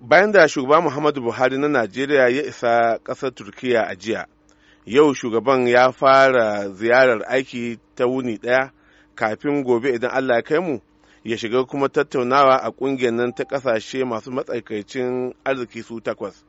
bayan da shugaba muhammadu buhari na najeriya ya isa ƙasar turkiya a jiya yau shugaban ya fara ziyarar aiki ta wuni ɗaya kafin gobe idan allah ya kai mu ya shiga kuma tattaunawa a ƙungiyar nan ta ƙasashe masu matsakaicin arziki su takwas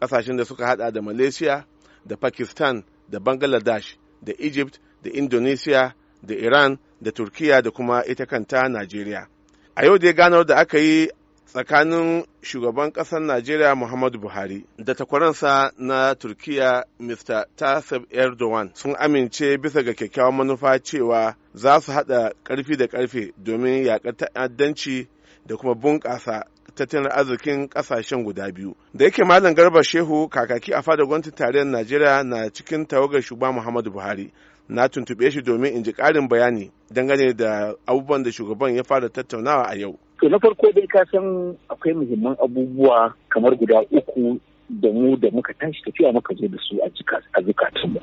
ƙasashen da suka hada da malaysia da pakistan da bangladesh da egypt da indonesia da iran da turkiya da kuma ita kanta najeriya a yau dai ganar da aka yi tsakanin shugaban ƙasar Najeriya Muhammadu Buhari da takwaransa na Turkiya Mr. tasib Erdogan sun amince bisa ga kyakkyawan manufa cewa za su haɗa ƙarfi da ƙarfe domin yaƙar ta'addanci da kuma bunƙasa tattalin arzikin ƙasashen guda biyu. Da yake Malam Garba Shehu kakaki a fadar gwamnatin tarayyar Najeriya na cikin tawagar shugaban Muhammadu Buhari. na tuntuɓe shi domin in ji ƙarin bayani dangane da abubuwan da shugaban ya fara tattaunawa a yau To na farko dai ka san akwai muhimman abubuwa kamar guda uku da mu da muka tashi tafiya muka zo da su a zukatunmu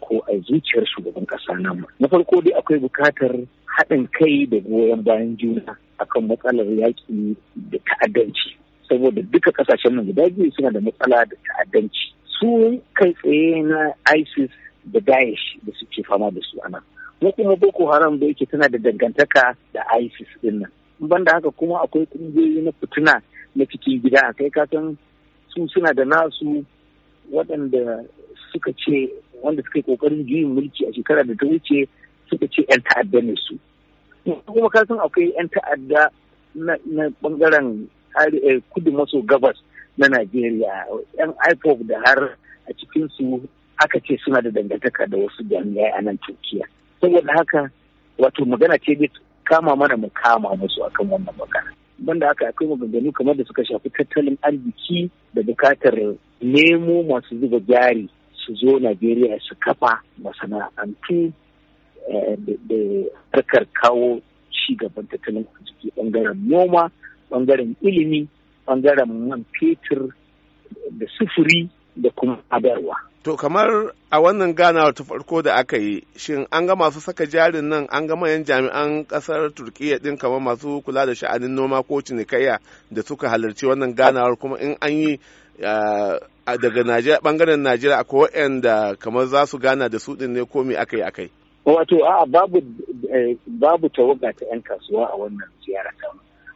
ko a zuciyar shugaban ƙasa namu. Na farko dai akwai bukatar haɗin kai da goyon bayan juna akan matsalar yaƙi da ta'addanci. Saboda duka ƙasashen mu guda biyu suna da matsala da ta'addanci. Su kai tsaye na ISIS da Daesh da suke fama da su a nan. Mu kuma Boko Haram da yake tana da dangantaka da ISIS ɗin nan. banda haka kuma akwai kungiyoyi na fituna na cikin gida kai katon suna da nasu waɗanda suka ce wanda suka yi kokarin juyin mulki a shekara da ta wuce suka ce 'yan ta'adda ne su kuma ka san akwai 'yan ta'adda na bangaren eh, kudu maso gabas na najeriya 'yan ipob da har a cikinsu aka ce suna da dangantaka da wasu jami'ai a nan turkiya saboda haka wato magana ce kama mana mu kama musu akan wannan magana banda haka akwai maganganu kamar da suka shafi tattalin arziki da bukatar nemo masu zuba jari su zo najeriya su kafa masana'antu eh, da harkar kawo ci gaban tattalin arziki bangaren noma bangaren ilimi ɓangaren man fetur da sufuri da kuma abarwa. To kamar a wannan ganawar ta farko da aka yi, shin an ga masu saka jarin nan an ga mayan jami'an kasar Turkiyya din kamar masu kula da sha'anin noma ko cinikayya da suka halarci wannan ganawar kuma in an yi ah, daga bangaren Najeriya a akwai da kamar za su gana da su din ne ko me aka yi aka yi. Wato a'a babu eh, babu tawaga ta 'yan kasuwa a wannan ziyara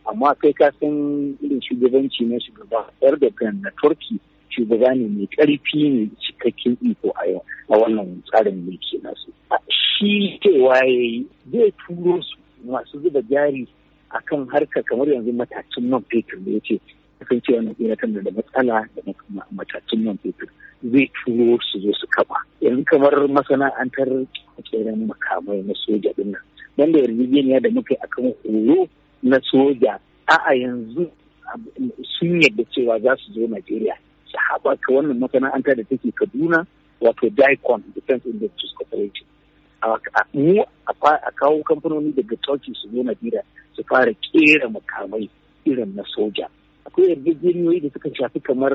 amma kai ka san irin shugabanci na shugaba Erdogan na Turki shugaba ne mai karfi ne cikakken iko a yau a wannan tsarin mulki nasu shi cewa waye zai turo su masu zuba jari akan harka kamar yanzu matacin man fetur da ya ce kasancewa na tsira tana da matsala da matacin man fetur zai turo su zo su kaba yanzu kamar masana'antar tseren makamai na soja din nan wanda yarjejeniya da muka yi akan horo na soja A'a yanzu sun yadda cewa za su zo najeriya haɓaka wannan masana'anta da take kaduna wato dicon defense industries corporation mu a kawo kamfanoni daga turkey su zo najeriya su fara kera makamai irin na soja akwai yarjejeniyoyi da suka shafi kamar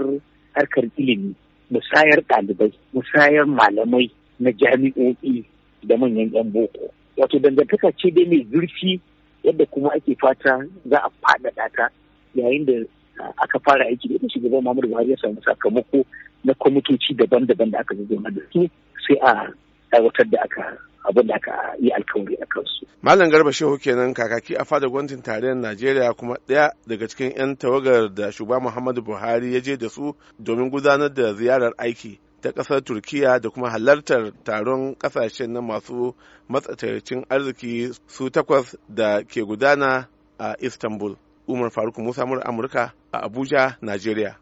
harkar ilimi musayar ɗalibai musayar malamai na jami'o'i da manyan 'yan boko wato dangantaka ce dai mai zurfi yadda kuma ake fata za a faɗaɗa ta yayin da aka fara aiki da ita shugaban Muhammadu Buhari ya samu sakamako na kwamitoci daban-daban da aka zama da su sai a aiwatar da aka abin da aka yi alkawari a kansu. Malam Garba Shehu kenan kakaki a fada gwamnatin tarayyar Najeriya kuma ɗaya daga cikin 'yan tawagar da shugaba Muhammadu Buhari ya je da su domin gudanar da ziyarar aiki ta ƙasar Turkiya da kuma halartar taron ƙasashen na masu matsatacin arziki su takwas da ke gudana a Istanbul. Umar Faruk Musa Amurka a Abuja, Nigeria.